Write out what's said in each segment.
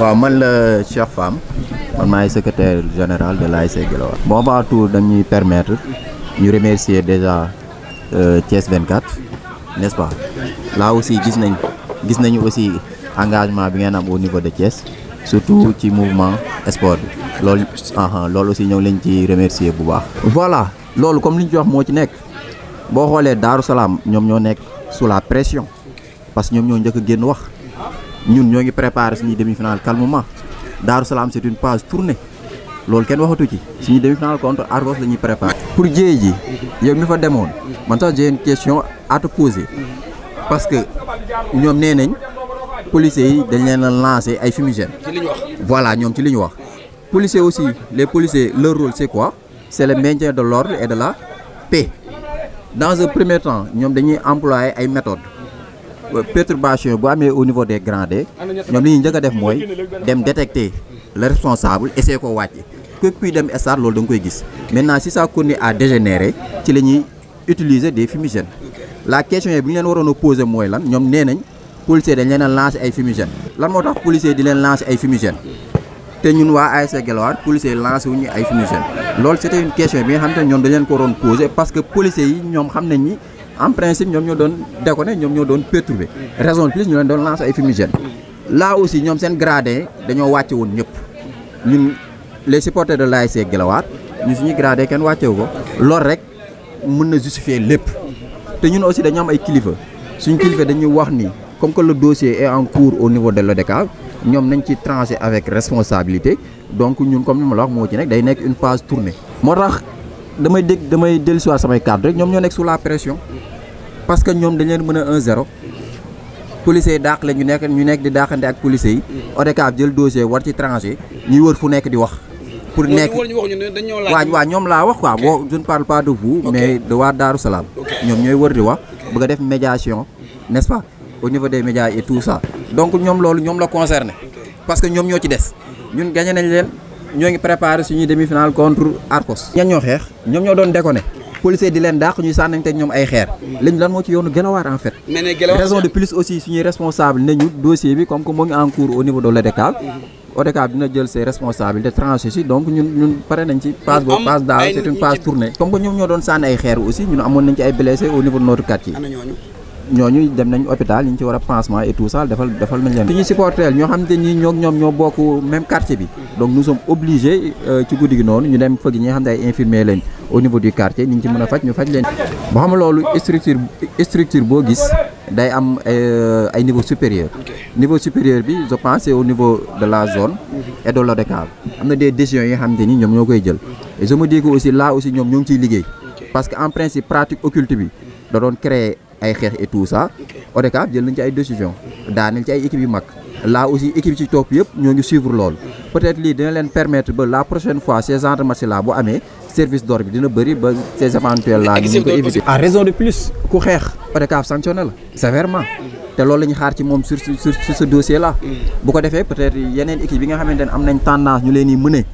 waaw man la Cheikh Fam man maay secretaire général de la Guelewar. bon avant tout dañuy permettre ñu remercier déjà euh, Thiès 24 n'est-ce pas là aussi gis nañ gis nañu aussi engagement bi ngeen am au niveau de Thiès surtout ci mouvement sport bi loolu ah, ah, loolu aussi ñëw lañ ci remercier bu baax. voilà loolu comme li ñu ci wax moo ci nekk boo xoolee Daaru Salaam ñoom ñoo nekk su la pression parce que ñoom ñoo njëkk a génn wax. ñun ñoo ngi préparé suñuy demi-finale calmement Daaru Salaam c'est une page tournée loolu kenn waxatu ci suñuy demi-finale contre Argos la ñuy préparé. pour jéey ji yow mi fa demoon man sax j'ai une question parce que ñoom nee nañ policiers yi dañ leen a lancé ay fumigènes. ci li ñu wax voilà ñoom ci li ñu wax. policiers aussi les policiers leur rôle c'est quoi c'est le maintien de l'ordre et de la paix dans un premier temps ñoom dañuy employer ay méthodes. perturbation bu amee au niveau des grands D ñoom li ñuy njëkk def mooy dem détecter le responsable essayer ko wàcce képp kuy dem stade loolu da nga koy gis maintenant si ça continue à dégénérer ci la ñuy utiliser des fumigènes la question yi bu ñu leen waroon a mooy lan ñoom nee nañ policiers dañ leen a lancé ay fumigènes lan moo tax policiers di leen lancé ay fumigènes te ñun waa ASC Guelwaar policiers yi lancé wuñu ay fumigènes loolu c'était une question bi nga xam ne ñoom dañ parce que policiers yi ñoom xam nañ ni en principe ñoom ñoo doon déconné ñoom ñoo doon perturbé raison de plus ñu leen doon lancer ay fumigène là aussi ñoom seen gradé dañoo wàcce woon ñëpp ñun les supporters de l'ASC Guelwaar ñu suñu gradé kenn wàccewu ko loolu rek mën na justifier lépp te ñun aussi dañoo am ay kilifa suñu kilifa dañuy wax ni comme que le dossier est en cours au niveau de l'ODCAV ñoom nañ ci tranché avec responsabilité donc ñun comme ni ma la wax moo ci nekk day nekk une phase tournée moo tax damay dégg damay dellusiwaat samay cadre rek ñoom ñoo nekk sous la pression parce que ñoom dañ leen mën a 1-0 policiers yi dàq la ñu nekk ñu nekk di dàqante ak policiers yi. ODCAV jël dossier war ci tranché ñuy wër fu nekk di wax. pour nekk waaw waaw ñoom laa wax quoi boo pas de vous. mais de waa Daaru ñoom ñooy wër di wax bëgg a def médiation n'est-ce pas au niveau des médias et tout ça. donc ñoom loolu ñoom la concerné. parce que ñoom ñoo ci des. ñun gagné nañ leen ñoo ngi préparé suñuy demi-finale contre Arcos. ñan ñoo xeex ñoom ñoo doon déconné. policier di leen dàq ñuy sànnante ak ñoom ay xeer lañ lan moo ci yoonu Guelwaar en fait raison de plus aussi suñuy responsable nañu dossier bi comme que moo ngi en au niveau de l'ODCAV ODCAV dina jël ses responsabilités tranché si donc ñun ñun pare nañ ci passe boobu passe daaw c'est une passe tournée comme que ñoom ñoo doon sànni ay xeer aussi ñun amoon nañ ci ay blessés au niveau de notre quartier ñooñu dem nañ hôpital ñu ci war a pansement et tout ça defal defal nañ leen te ñu supporter ñoo xam ni ñoo ñoom ñoo bokk même quartier bi donc nous sommes obligés euh, ci guddi gi noonu ñu dem fëgg ñi xam ne ay infirmier lañ au niveau du quartier ñu ci mën a faj ñu faj leen boo xam loolu structure boo gis day am euh, ay niveau supérieur niveau supérieur bi je pense au niveau de la zone et de l'ODCAV am na des décisions yi nga xam te ni ñoom ñoo koy jël et je me dis que ñoom ñoo ngi ciy liggéey parce que en principe pratique ay xeex et tout ça ODCAV jël nañ ci ay décision daaneel ci ay équipes yu mag là aussi équipe ci topp yëpp ñoo ngi suivre loolu peut-être lii dina leen permetre ba la prochaine fois ces genre match là bu amee service d'ordre bi dina bëri ba ces éventuels là ñu ko éviter à raison de plus ku xeex ODCAV sanctionné la sévèrement te loolu la xaar ci moom sur sur sur ce dossier là mm. bu ko defee peut-être yeneen équipe bi nga xamante ne am nañ tendance ñu leen di mëne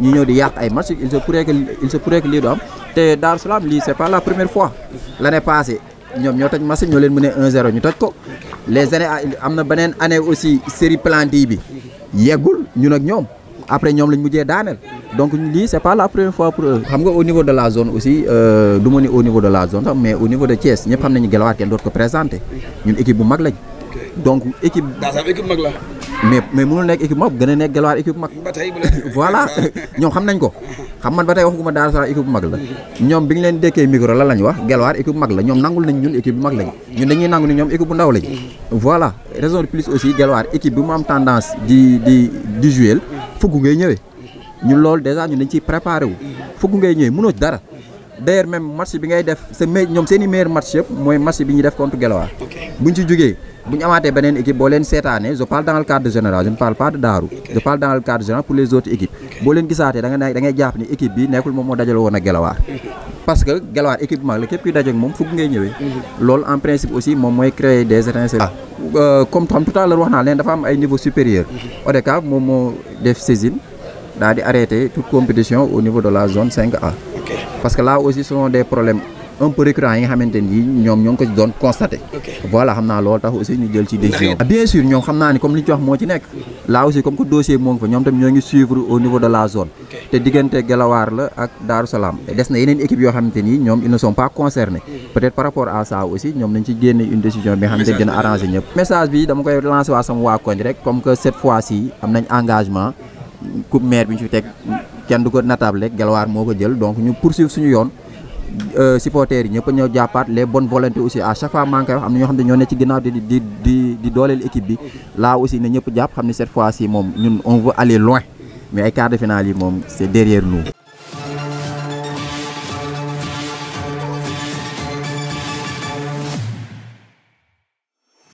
ñu ñëw di ay match il se pourrait que il se pourrait am te fois l'année ñoom ñoo toj Massif ñoo leen mu ne 1-0 ñu toj ko les années am na beneen année aussi série planti yeggul ñun ak ñoom après ñoom lañ mujjee daaneel donc lii c'est pas la première fois pour eux. xam nga au niveau de la zone aussi euh, du ma ni au niveau de la zone sax mais au niveau de Thiès ñëpp xam nañu Guelwaar kenn dootu ko présenté ñun équipe bu mag lañ donc équipe. daa mag la. mais mais mënul nekk équipe mag gën a nekk Guelwaar équipe mag. voilà ñoom xam nañ ko. xam man ba tey waxuguma Darou Salaam équipe bu mag la. ñoom bi ñu leen dékkee micro la lañ wax Guelwaar équipe mag la ñoom nangul nañ ñun équipe bu mag lañ ñun dañuy nangu ni ñoom équipe bu ndaw lañ. voilà raison de plus aussi Guelwaar équipe bi mu am tendance di di di jouer fukk ngay ñëwee. ñun loolu dèjà ñu dañ ci préparé wu. fukk ngay ñëwee mënoo ci dara. d'ailleurs même match bi ngay def sa me ñoom seen i meilleur match yëpp mooy match bi ñuy def contre Guelwaar buñ ci jógee bu ñu amaatee boo leen seetaanee je parle dans le cadre général je ne parle pas de Daaru je parle dans le cadre général pour les autres équipes boo leen gisaatee da nga ne da ngay jàpp ni équipe moo mhm. mhm. mooy créer des étincelles ah. euh, comme xam leen dafa am ay niveau supérieur mhm. ODCAV moom moo def saisine daal di arrêté toute compétition au niveau de la zone cinq a parce que là aussi ce sont des problèmes un peu récurrents yi nga xamante ni ñoom ñoo ngi ko ci doon constaté. voilà xam naa loolu tax aussi ñu jël ci décision. bi moo ngi fa ñoom tamit na yeneen équipe yoo xamante ni ñoom ils ne sont pas concernés. Mhm. peut-être par rapport à ça aussi ñoom nañ ci génne une décision bi nga xamante ni dina arrangé ñëpp. message bi dama koy lancer waa sama waa koñ rek comme que cette fois-ci am nañ engagement coupe maire bi ñu fi teg. kenn du ko natable rek Gelwaar moo ko jël donc ñu poursuivre suñu yoon euh, supporters yi ñëpp a ñëw jàppaat les bonnes volontés aussi à chaque fois maa ngi am na ñoo xam ne ñoo ne ci ginnaaw di di di di dooleel équipe bi là aussi ne ñëpp jàpp xam ne cette fois ci moom ñun on aller loin mais ay quart de finale yi moom c'est derrière nous.